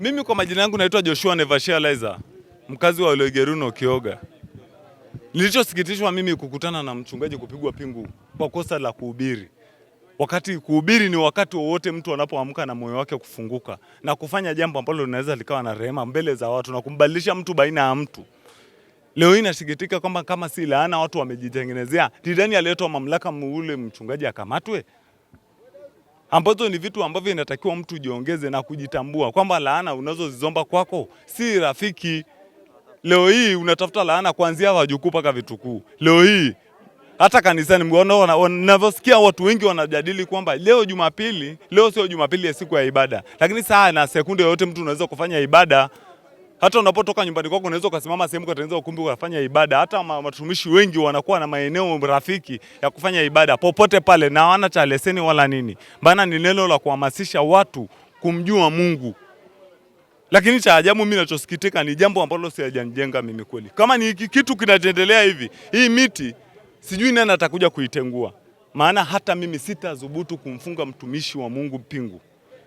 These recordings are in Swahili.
Mimi kwa majina yangu naitwa Joshua Nevashaliza, mkazi wa Olegeruno Kioga. Nilichosikitishwa mimi kukutana na mchungaji kupigwa pingu kwa kosa la kuhubiri, wakati kuhubiri ni wakati wowote mtu anapoamka na moyo wake kufunguka na kufanya jambo ambalo linaweza likawa na rehema mbele za watu na kumbadilisha mtu baina ya mtu. Leo hii nasikitika kwamba kama si laana watu wamejitengenezea. Ni nani aliyetoa mamlaka ule mchungaji akamatwe? ambazo ni vitu ambavyo inatakiwa mtu jiongeze na kujitambua kwamba laana unazozizomba kwako si rafiki. Leo hii unatafuta laana kuanzia wajukuu mpaka vitukuu. Leo hii hata kanisani navyosikia watu wengi wanajadili kwamba leo Jumapili, leo sio Jumapili ya siku ya ibada, lakini saa na sekunde yoyote mtu unaweza kufanya ibada. Hata unapotoka nyumbani kwako unaweza ukasimama sehemu ukatengeneza ukumbi ukafanya ibada. Hata watumishi wengi wanakuwa na maeneo rafiki ya kufanya ibada popote pale, na hawana cha leseni wala nini, maana ni neno la kuhamasisha watu kumjua Mungu. Lakini cha ajabu mimi ninachosikitika ni jambo ambalo sijanijenga mimi kweli. Kama ni hiki kitu kinaendelea hivi, hii miti sijui nani atakuja kuitengua, maana hata mimi sitadhubutu kumfunga mtumishi wa Mungu pingu.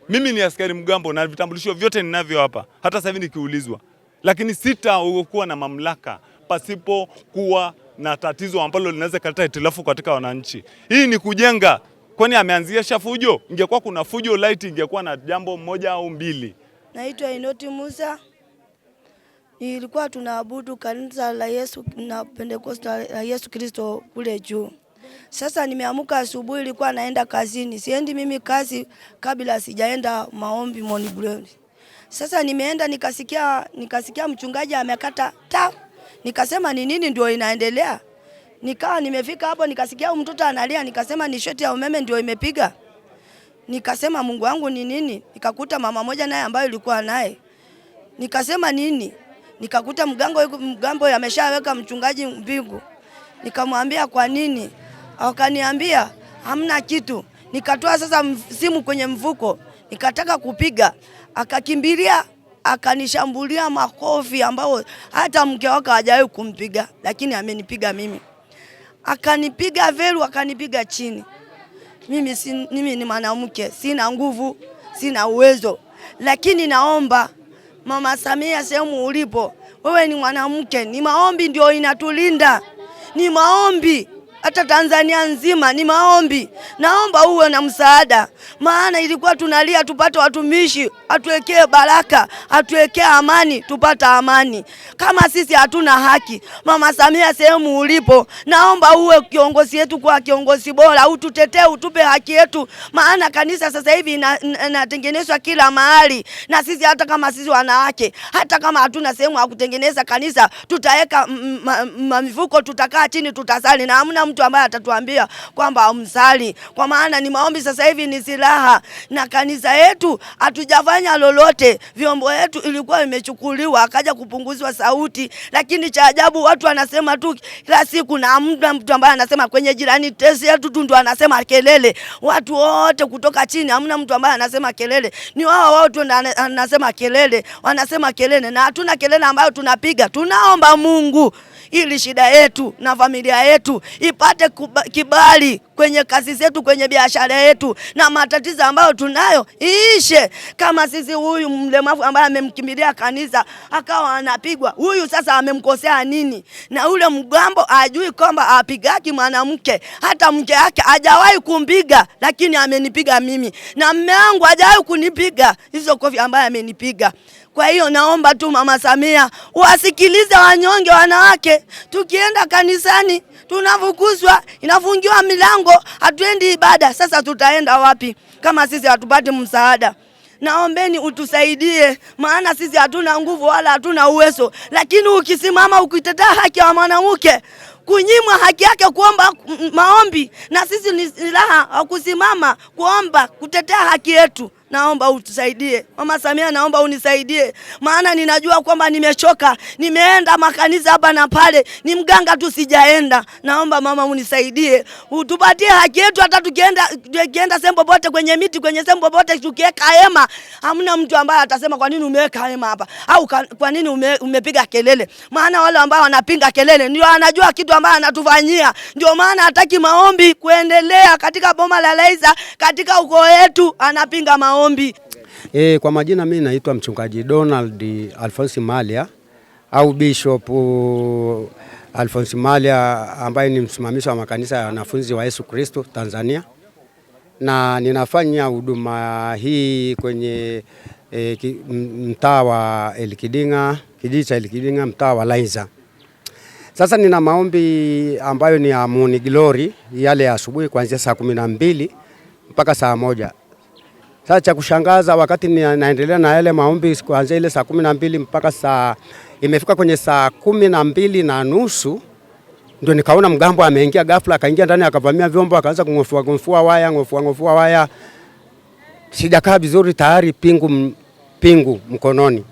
Mimi ni askari mgambo na vitambulisho vyote ninavyo hapa, hata sasa hivi nikiulizwa, lakini sitakuwa na mamlaka pasipo kuwa na tatizo ambalo linaweza kuleta itilafu katika wananchi. Hii ni kujenga, kwani ameanzisha fujo? Ingekuwa kuna fujo light, ingekuwa na jambo moja au mbili. Naitwa Inoti Musa, ilikuwa tunaabudu kanisa la Yesu na Pentekoste la Yesu Kristo kule juu sasa nimeamka asubuhi, ilikuwa naenda kazini. Siendi mimi kazi kabla sijaenda maombi morning glory. Sasa nimeenda nikasikia, nikasikia mchungaji amekata ta, nikasema ni nini ndio inaendelea. Nikawa nimefika hapo nikasikia mtoto analia, nikasema ni shoti ya umeme ndio imepiga. Nikasema Mungu wangu ni nini? Nikakuta mama moja naye ambayo ilikuwa naye, nikasema nini? Nikakuta mgango mgambo yameshaweka mchungaji mbingu, nikamwambia kwa nini wakaniambia hamna kitu. Nikatoa sasa simu kwenye mfuko, nikataka kupiga, akakimbilia akanishambulia makofi ambao hata mke wake hajawahi kumpiga, lakini amenipiga mimi, akanipiga velu, akanipiga chini. Mimi si, mimi ni mwanamke, sina nguvu, sina uwezo, lakini naomba Mama Samia, sehemu ulipo wewe, ni mwanamke, ni maombi ndio inatulinda, ni maombi hata Tanzania nzima ni maombi. Naomba uwe na msaada, maana ilikuwa tunalia tupate watumishi, atuwekee baraka, atuwekee amani, tupata amani. Kama sisi hatuna haki, Mama Samia, sehemu ulipo, naomba uwe kiongozi yetu, kwa kiongozi bora, ututetee, utupe haki yetu, maana kanisa sasa hivi inatengenezwa kila mahali, na sisi hata kama sisi wanawake, hata kama hatuna sehemu ya kutengeneza kanisa, tutaweka mifuko, tutakaa chini, tutasali na hamna mtu ambaye atatuambia kwamba amsali, kwa maana ni maombi sasa hivi ni silaha, na kanisa yetu hatujafanya lolote. Vyombo yetu ilikuwa imechukuliwa, akaja kupunguzwa sauti, lakini cha ajabu watu wanasema tu kila siku, na mtu mtu ambaye anasema kwenye jirani tesi yetu tu ndo anasema kelele. Watu wote kutoka chini, hamna mtu ambaye anasema kelele, ni wao wao tu anasema kelele, wanasema kelele, na hatuna kelele ambayo tunapiga. Tunaomba Mungu ili shida yetu na familia yetu ipo tupate kibali kwenye kazi zetu, kwenye biashara yetu, na matatizo ambayo tunayo iishe. Kama sisi huyu mlemavu ambaye amemkimbilia kanisa akawa anapigwa, huyu sasa amemkosea nini? Na ule mgambo ajui kwamba apigaki mwanamke, hata mke wake hajawahi kumpiga, lakini amenipiga mimi na mme wangu hajawahi kunipiga hizo kofi ambaye amenipiga kwa hiyo naomba tu Mama Samia wasikilize wanyonge wanawake. Tukienda kanisani tunavukuzwa, inafungiwa milango, hatuendi ibada. Sasa tutaenda wapi kama sisi hatupati msaada? Naombeni utusaidie, maana sisi hatuna nguvu wala hatuna uwezo, lakini ukisimama ukitetea haki ya mwanamke kunyimwa haki yake kuomba maombi, na sisi ni silaha wa kusimama kuomba kutetea haki yetu naomba utusaidie Mama Samia, naomba unisaidie, maana ninajua kwamba nimechoka, nimeenda makanisa hapa na pale, ni mganga tu sijaenda. Naomba mama unisaidie, utupatie haki yetu. Hata tukienda tukienda sehemu popote, kwenye miti, kwenye sehemu popote, tukiweka hema, hamna mtu ambaye atasema kwa nini umeweka hema hapa au kwa nini ume, umepiga kelele. Maana wale ambao wanapinga kelele ndio anajua kitu ambacho anatufanyia, ndio maana hataki maombi kuendelea katika boma la Laiza, katika ukoo wetu anapinga maombi maombi. E, kwa majina mimi naitwa mchungaji Donald Alphonse Malia au Bishop uh, Alphonse Malia ambaye ni msimamizi wa makanisa ya wanafunzi wa Yesu Kristo Tanzania, na ninafanya huduma hii kwenye e, mtaa wa Elkidinga, kijiji cha Elkidinga, mtaa wa Laiza. Sasa nina maombi ambayo ni ya Morning Glory yale ya asubuhi kuanzia saa kumi na mbili mpaka saa moja sasa cha kushangaza wakati naendelea na yale maombi kuanzia ile saa kumi na mbili mpaka saa imefika kwenye saa kumi na mbili na nusu ndio nikaona mgambo ameingia ghafla, akaingia ndani akavamia vyombo, akaanza kungofua ngofua waya, ngofua ngofua waya. Sijakaa vizuri, tayari pingu pingu mkononi.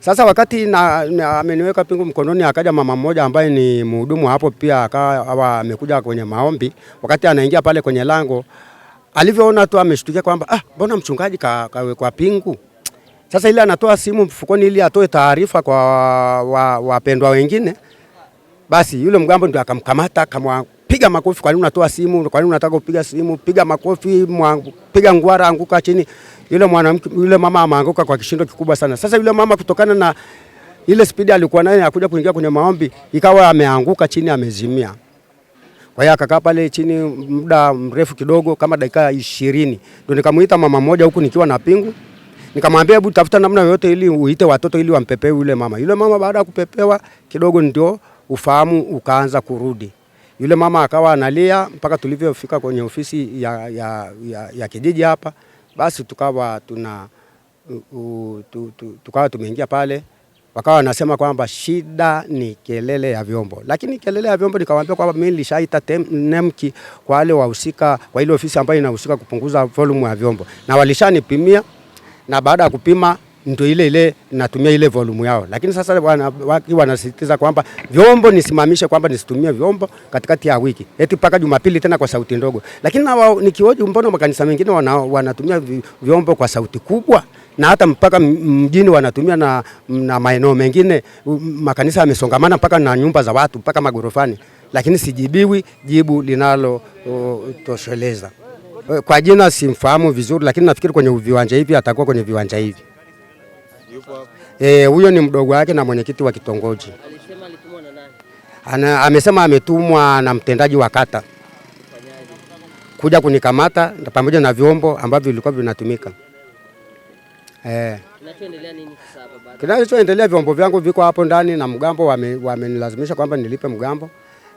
Sasa wakati na, ameniweka pingu mkononi, akaja mama mmoja ambaye ni mhudumu hapo pia akawa amekuja kwenye maombi. Wakati anaingia pale kwenye lango alivyoona tu ameshtukia kwamba ah, mbona mchungaji kawekwa pingu. Sasa ile anatoa simu mfukoni ili atoe taarifa kwa wapendwa wa, wa wengine. Basi yule mgambo ndio akamkamata akampiga makofi, kwa nini unatoa simu? Kwa nini unataka kupiga simu? Piga makofi, piga ngwara, anguka chini. Yule mwanamke yule mama ameanguka kwa kishindo kikubwa sana. Sasa yule mama kutokana na ile spidi alikuwa nayo, akuja kuingia kwenye maombi, ikawa ameanguka chini, amezimia. Kwa hiyo akakaa pale chini muda mrefu kidogo, kama dakika ishirini, ndio nikamuita mama moja huku nikiwa na pingu, nikamwambia hebu tafuta namna yoyote ili uite watoto ili wampepee yule mama. Yule mama baada ya kupepewa kidogo, ndio ufahamu ukaanza kurudi. Yule mama akawa analia mpaka tulivyofika kwenye ofisi ya, ya, ya, ya kijiji hapa, basi tukawa tuna u, u, tu, tu, tukawa tumeingia pale wakawa wanasema kwamba shida ni kelele ya vyombo, lakini kelele ya vyombo, nikawaambia kwamba mimi nilishaita NEMKI kwa wale wahusika, kwa ile ofisi ambayo inahusika kupunguza volume ya vyombo, na walishanipimia na baada ya kupima ndio ile ile natumia ile volume yao, lakini sasa wanasisitiza kwamba vyombo nisimamishe, kwamba nisitumie vyombo katikati ya wiki, eti mpaka Jumapili tena kwa sauti ndogo. Lakini na wao nikioje, mbona makanisa mengine wana, wanatumia vyombo kwa sauti kubwa na hata mpaka mjini wanatumia na, na maeneo mengine makanisa yamesongamana mpaka na nyumba za watu mpaka magorofani, lakini sijibiwi jibu linalotosheleza. Kwa jina simfahamu vizuri, lakini nafikiri kwenye viwanja hivi atakuwa kwenye viwanja hivi. Eh, huyo ni mdogo wake na mwenyekiti wa kitongoji. Alisema alitumwa na nani? Ana, amesema ametumwa na mtendaji wa kata kuja kunikamata pamoja na vyombo ambavyo vilikuwa vinatumika. Eh, kinachoendelea vyombo vyangu viko hapo ndani na mgambo wamenilazimisha wame kwamba nilipe mgambo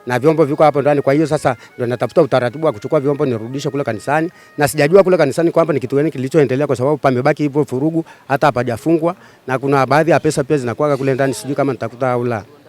na vyombo viko hapo ndani. Kwa hiyo sasa ndio natafuta utaratibu wa kuchukua vyombo nirudishe kule kanisani, na sijajua kule kanisani kwamba ni kitu gani kilichoendelea, kwa sababu pamebaki hivyo furugu, hata hapajafungwa, na kuna baadhi ya pesa pia zinakuwa kule ndani, sijui kama nitakuta au la.